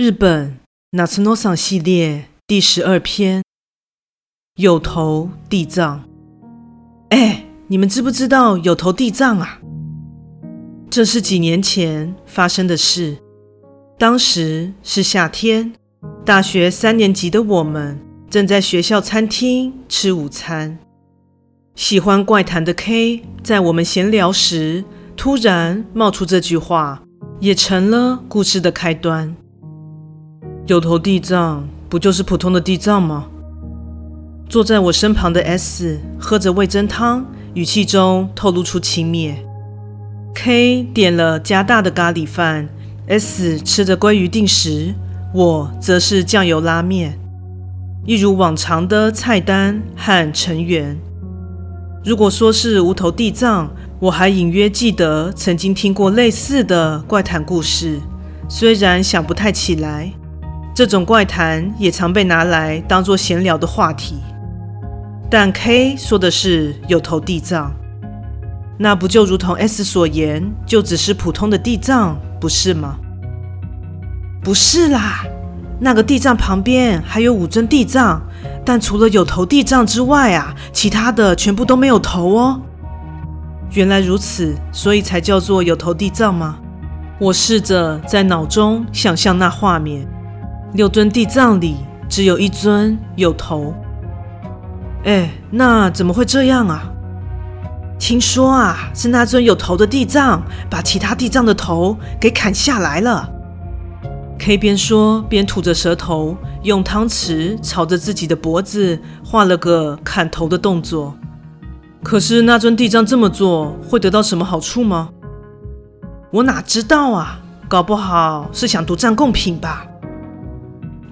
日本《なつのさん》系列第十二篇，《有頭地藏》。哎，你們知不知道有頭地藏啊？這是幾年前發生的事。當時是夏天，大學三年級的我們正在學校餐廳吃午餐。喜歡怪談的 K 在我們閒聊時，突然冒出這句話，也成了故事的開端。有頭地藏不就是普通的地藏嗎？坐在我身旁的 S 喝着味噌湯，語氣中透露出輕蔑。K 點了加大的咖喱飯，S 吃着鮭魚定食，我則是醬油拉麵。一如往常的菜單和成員。如果說是無頭地藏，我還隱約記得曾經聽過類似的怪談故事，雖然想不太起來。這種怪談也常被拿來當作閒聊的話題，但 K 說的是有頭地藏，那不就如同 S 所言，就只是普通的地藏，不是嗎？不是啦，那個地藏旁邊還有五尊地藏，但除了有頭地藏之外啊，其他的全部都沒有頭哦。原來如此，所以才叫做有頭地藏嗎？我試着在腦中想象那畫面。六尊地藏裡只有一尊有頭，哎，那怎麼會這樣啊？聽說啊，是那尊有頭的地藏把其他地藏的頭給砍下來了。K 邊說邊吐着舌頭，用湯匙朝着自己的脖子畫了個砍頭的動作。可是那尊地藏這麼做會得到什麼好處嗎？我哪知道啊，搞不好是想獨占貢品吧。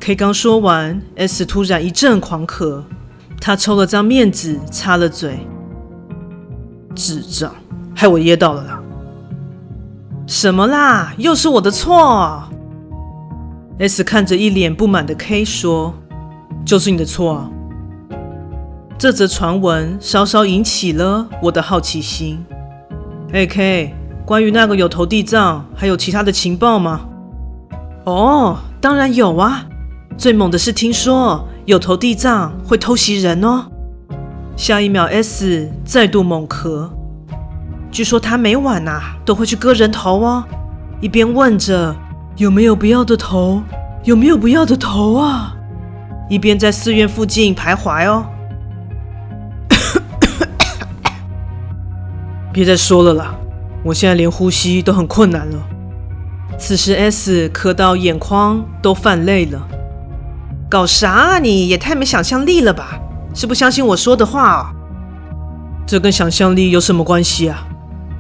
K 剛說完，S 突然一陣狂咳，他抽了張面紙，擦了嘴。智障，害我噎到了啦！什麼啦？又是我的錯？S 看着一臉不滿的 K 說：“就是你的錯啊。”這則傳聞稍稍引起了我的好奇心。哎，K 關於那個有頭地藏，還有其他的情報嗎？哦，當然有啊。最猛的是，聽說有頭地藏會偷襲人哦。下一秒，S 再度猛咳。據說他每晚吶、啊、都會去割人頭哦，一邊問着有沒有不要的頭，有沒有不要的頭啊，一邊在寺院附近徘徊哦。 別再說了啦，我現在連呼吸都很困難了。此時，S 咳到眼眶都泛淚了。搞啥啊！你也太沒想象力了吧？是不相信我說的話哦？這跟想象力有什麼關係啊？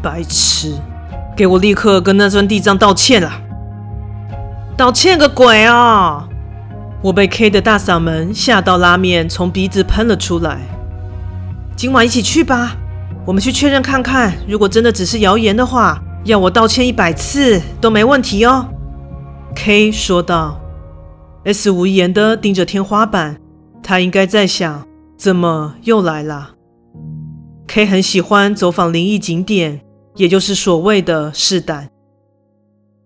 白痴！給我立刻跟那尊地藏道歉了！道歉個鬼啊哦！我被 K 的大嗓門嚇到，拉麵從鼻子噴了出來。今晚一起去吧，我們去確認看看，如果真的只是謠言的話，要我道歉一百次都沒問題哦。K 說道。S 無言地盯着天花板，他應該在想：怎麼又來了？K 很喜歡走訪靈異景點，也就是所謂的試膽。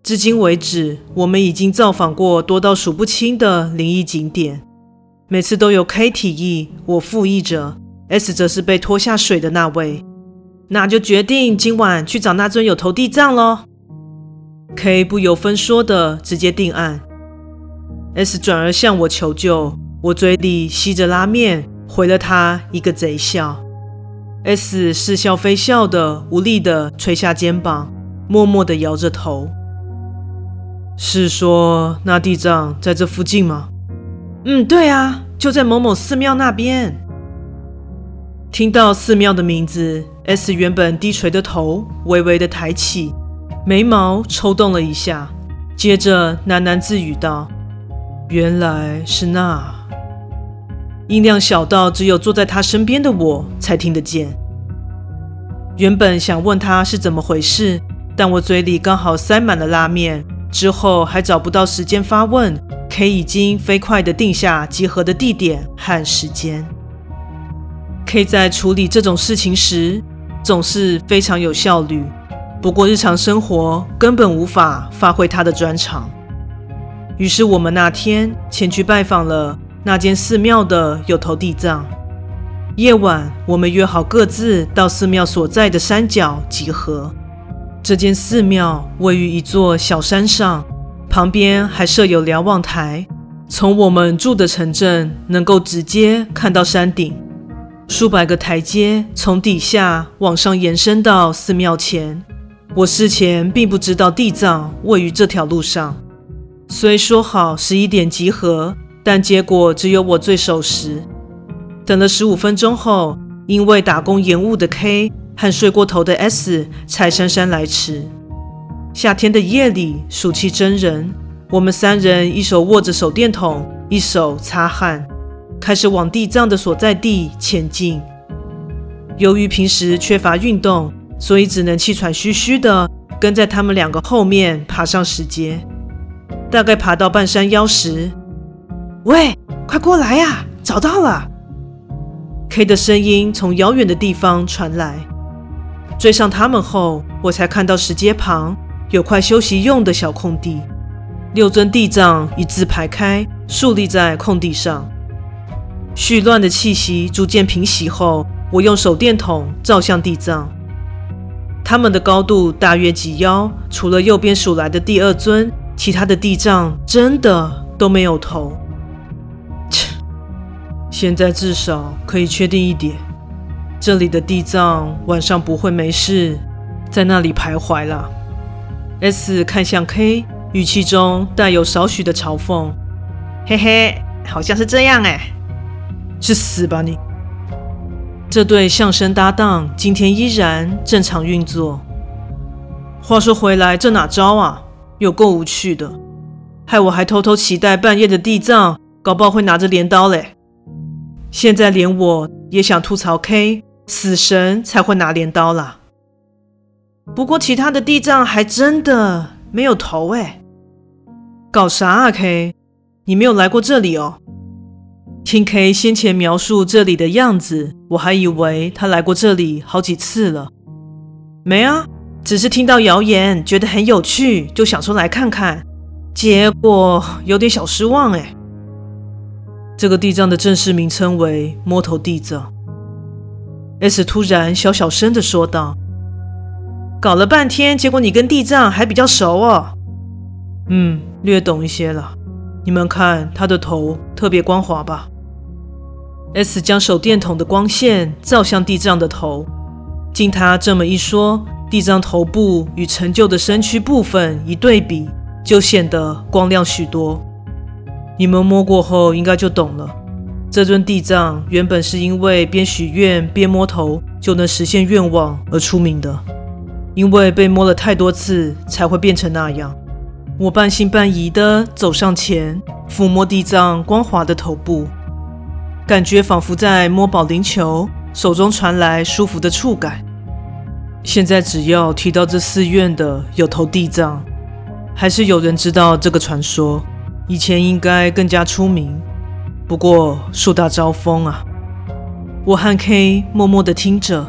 至今為止，我們已經造訪過多到數不清的靈異景點，每次都有 K 提議，我附議着，S 則是被拖下水的那位。那就決定今晚去找那尊有頭地藏嘍！K 不由分說地直接定案。S 轉而向我求救，我嘴裡吸着拉麵，回了他一個賊笑。S 似笑非笑的，無力的垂下肩膀，默默的搖着頭。是說那地藏在這附近嗎？嗯，對啊，就在某某寺廟那邊。聽到寺廟的名字，S 原本低垂的頭微微的抬起，眉毛抽動了一下，接着喃喃自語道。原來是那。音量小到只有坐在他身邊的我才聽得見。原本想問他是怎麼回事，但我嘴裡剛好塞滿了拉麵，之後還找不到時間發問。K 已經飛快的定下集合的地點和時間。K 在處理這種事情時總是非常有效率，不過日常生活根本無法發揮他的專長。於是我們那天前去拜訪了那間寺廟的有頭地藏。夜晚，我們約好各自到寺廟所在的山腳集合。這間寺廟位於一座小山上，旁邊還設有瞭望台，從我們住的城鎮能夠直接看到山頂。數百個台階從底下往上延伸到寺廟前。我事前並不知道地藏位於這條路上。雖說好十一點集合，但結果只有我最守時。等了十五分鐘後，因為打工延誤的 K 和睡過頭的 S 才姍姍來遲。夏天的夜裡，暑氣蒸人，我們三人一手握着手電筒，一手擦汗，開始往地藏的所在地前進。由於平時缺乏運動，所以只能氣喘吁吁地跟在他們兩個後面爬上石階。大概爬到半山腰時，喂，快過來呀、啊！找到了，K 的聲音從遙遠的地方傳來。追上他們後，我才看到石階旁有塊休息用的小空地，六尊地藏一字排開，豎立在空地上。絮亂的氣息逐漸平息後，我用手電筒照向地藏，他們的高度大約及腰，除了右邊數來的第二尊。其他的地藏真的都沒有頭，切！現在至少可以確定一點，這裡的地藏晚上不會沒事在那裡徘徊了。S 看向 K，語氣中帶有少許的嘲諷：“嘿嘿，好像是這樣哎。”去死吧你！這對相聲搭檔今天依然正常運作。話說回來，這哪招啊？有夠無趣的，害我還偷偷期待半夜的地藏，搞不好會拿着鐮刀嘞。現在連我也想吐槽 K 死神才會拿鐮刀啦。不過其他的地藏還真的沒有頭欸。搞啥啊 K？你沒有來過這裡哦？聽 K 先前描述這裡的樣子，我還以為他來過這裡好幾次了。沒啊。只是聽到謠言，覺得很有趣，就想出來看看，結果有點小失望哎。這個地藏的正式名稱為摸頭地藏。S 突然小小聲地說道：“搞了半天，結果你跟地藏還比較熟哦。”“嗯，略懂一些了。你們看他的頭特別光滑吧？”S 將手電筒的光線照向地藏的頭，經他這麼一說。地藏頭部與陳舊的身軀部分一對比，就顯得光亮許多。你們摸過後應該就懂了。這尊地藏原本是因為邊許願邊摸頭就能實現願望而出名的，因為被摸了太多次才會變成那樣。我半信半疑地走上前，撫摸地藏光滑的頭部，感覺仿佛在摸保齡球，手中傳來舒服的觸感。現在只要提到這寺院的有頭地藏，還是有人知道這個傳說。以前應該更加出名，不過樹大招風啊。我和 K 默默地聽着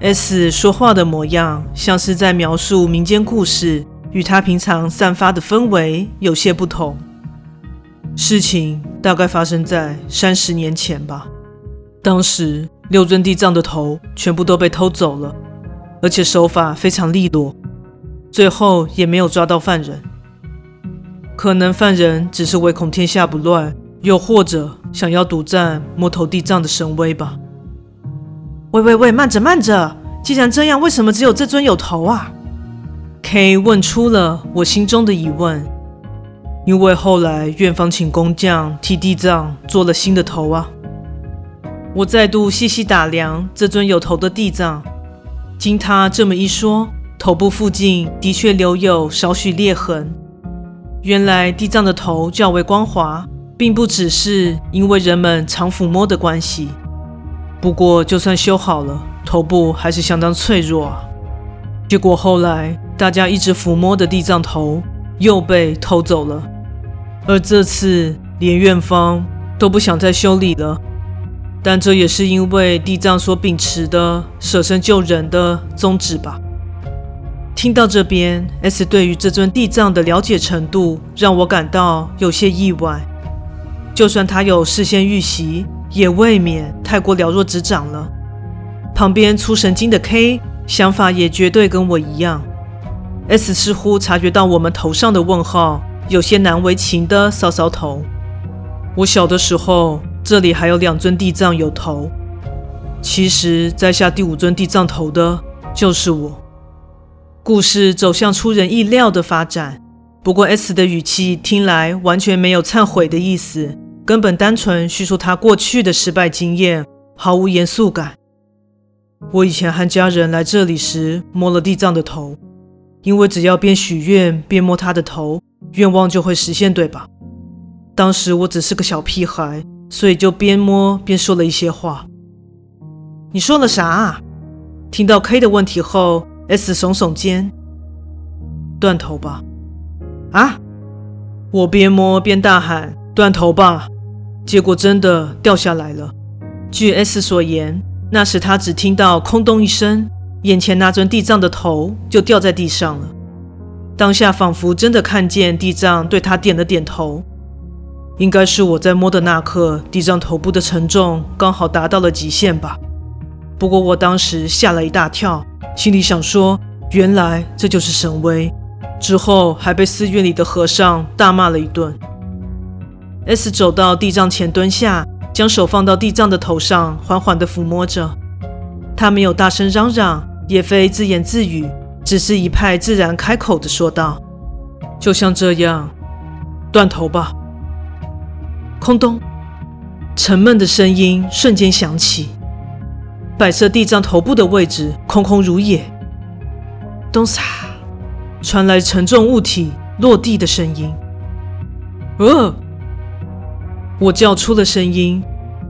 ，S 說話的模樣，像是在描述民間故事，與他平常散發的氛圍有些不同。事情大概發生在三十年前吧。當時六尊地藏的頭全部都被偷走了。而且手法非常利落，最後也沒有抓到犯人。可能犯人只是唯恐天下不亂，又或者想要獨占摸頭地藏的神威吧？喂喂喂，慢着慢着！既然這樣，為什麼只有這尊有頭啊？K 問出了我心中的疑問。因為後來院方請工匠替地藏做了新的頭啊。我再度細細打量這尊有頭的地藏。經他這麼一說，頭部附近的確留有少許裂痕。原來地藏的頭較為光滑，並不只是因為人們常撫摸的關係。不過，就算修好了，頭部還是相當脆弱啊。結果後來，大家一直撫摸的地藏頭又被偷走了，而這次連院方都不想再修理了。但這也是因為地藏所秉持的捨身救人的宗旨吧。聽到這邊，S 對於這尊地藏的了解程度，讓我感到有些意外。就算他有事先預習，也未免太過了若指掌了。旁邊粗神經的 K 想法也絕對跟我一樣。S 似乎察覺到我們頭上的問號，有些難為情的搔搔頭。我小的時候。這裡還有兩尊地藏有頭，其實摘下第五尊地藏頭的就是我。故事走向出人意料的發展，不過 S 的語氣聽來完全沒有懺悔的意思，根本單純敘述他過去的失敗經驗，毫無嚴肅感。我以前和家人來這裡時摸了地藏的頭，因為只要邊許願邊摸他的頭，願望就會實現，對吧？當時我只是個小屁孩。所以就邊摸邊說了一些話。你說了啥啊？聽到 K 的問題後，S 聳聳肩：“斷頭吧。”啊！我邊摸邊大喊：“斷頭吧！”結果真的掉下來了。據 S 所言，那時他只聽到“空洞”一聲，眼前那尊地藏的頭就掉在地上了。當下仿佛真的看見地藏對他點了點頭。應該是我在摸的那刻，地藏頭部的沉重剛好達到了極限吧。不過我當時嚇了一大跳，心裡想說，原來這就是神威。之後還被寺院裡的和尚大罵了一頓。S 走到地藏前蹲下，將手放到地藏的頭上，緩緩的撫摸着。他沒有大聲嚷嚷，也非自言自語，只是一派自然開口的說道：“就像這樣，斷頭吧。”空洞，沉悶的聲音瞬間響起。白色地藏頭部的位置空空如也。咚沙，傳來沉重物體落地的聲音。呃、哦，我叫出了聲音。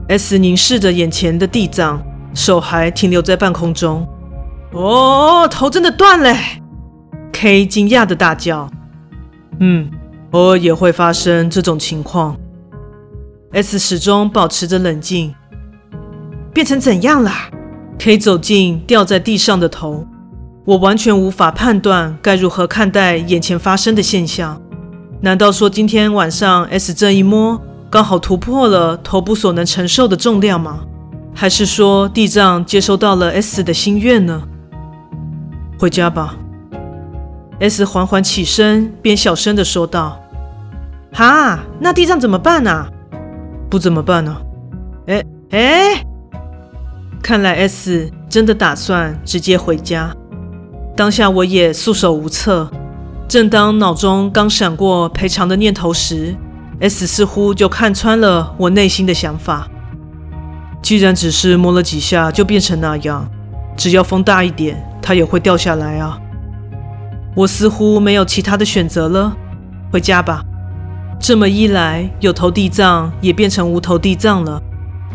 S 凝視着眼前的地藏，手還停留在半空中。哦，頭真的斷了！K 驚訝的大叫。嗯，偶爾也會發生這種情況。S, S 始終保持着冷靜，變成怎樣了？可以走近掉在地上的頭，我完全無法判斷該如何看待眼前發生的現象。難道說今天晚上 S 這一摸剛好突破了頭部所能承受的重量嗎？還是說地藏接收到了 S 的心願呢？回家吧。S, S 緩緩起身，便小聲地說道：“哈，那地藏怎麼辦啊？”不怎麼辦呢？啊？哎哎，看來 S 真的打算直接回家。當下我也束手無策。正當腦中剛閃過賠償的念頭時，S 似乎就看穿了我內心的想法。既然只是摸了幾下就變成那樣，只要風大一點，它也會掉下來啊！我似乎沒有其他的選擇了，回家吧。這麼一來，有頭地藏也變成無頭地藏了，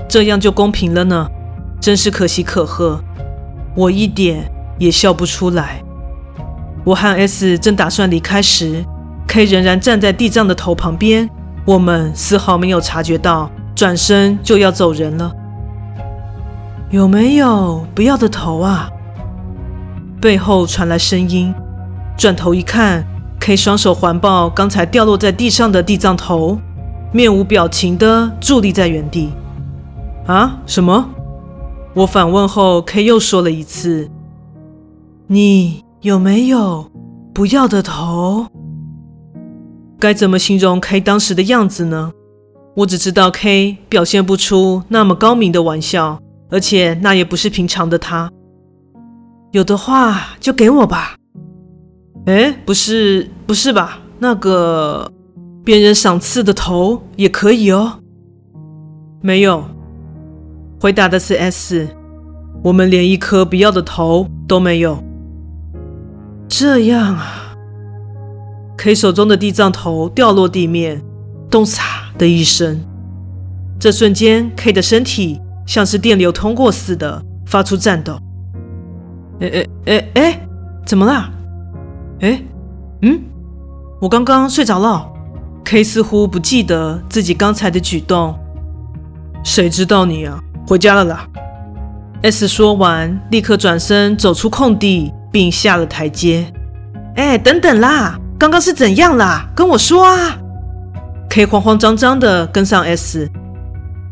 這樣就公平了呢。真是可喜可賀，我一點也笑不出來。我和 S 正打算離開時，K 仍然站在地藏的頭旁邊，我們絲毫沒有察覺到，轉身就要走人了。有沒有不要的頭啊？背後傳來聲音，轉頭一看。K 雙手環抱剛才掉落在地上的地藏頭，面無表情地佇立在原地。啊？什麼？我反問後，K 又說了一次：“你有沒有不要的頭？”該怎麼形容 K 當時的樣子呢？我只知道 K 表現不出那麼高明的玩笑，而且那也不是平常的他。有的話就給我吧。哎，不是，不是吧？那個別人賞賜的頭也可以哦？沒有，回答的是 S。我們連一顆不要的頭都沒有。這樣啊。K 手中的地藏頭掉落地面，咚嚓的一聲。這瞬間，K 的身體像是電流通過似的，發出顫抖。哎哎哎哎，怎麼了？哎，嗯，我剛剛睡着了。K 似乎不記得自己剛才的舉動。誰知道你啊，回家了啦。S 說完，立刻轉身走出空地，並下了台階。哎，等等啦，剛剛是怎樣啦？跟我說啊。K 慌慌張張地跟上 S。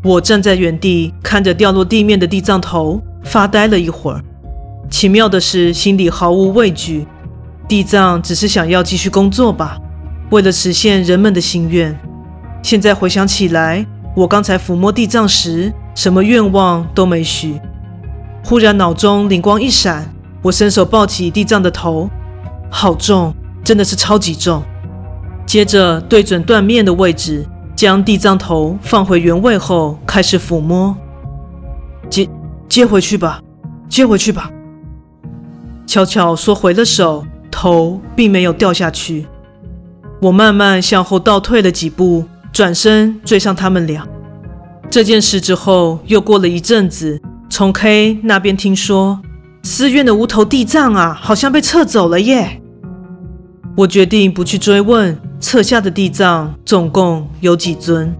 我站在原地，看着掉落地面的地藏頭，發呆了一會兒。奇妙的是，心裡毫無畏懼。地藏只是想要繼續工作吧，為了實現人們的心願。現在回想起來，我剛才撫摸地藏時，什麼願望都沒許。忽然腦中靈光一閃，我伸手抱起地藏的頭，好重，真的是超級重。接着對準斷面的位置，將地藏頭放回原位後，開始撫摸。接接回去吧，接回去吧。悄悄縮回了手。頭並沒有掉下去，我慢慢向後倒退了幾步，轉身追上他們倆。這件事之後又過了一陣子，從 K 那邊聽說，寺院的無頭地藏啊，好像被撤走了耶。我決定不去追問撤下的地藏總共有幾尊。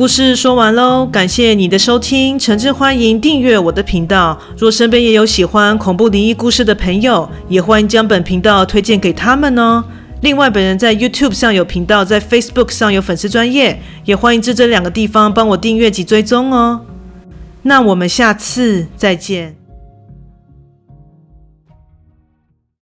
故事說完嘍，感謝你的收聽，誠摯歡迎訂閱我的頻道。若身邊也有喜歡恐怖靈異故事的朋友，也歡迎將本頻道推薦給他們哦。另外，本人在 YouTube 上有頻道，在 Facebook 上有粉絲專頁，也歡迎至這兩個地方幫我訂閱及追蹤哦。那我們下次再見。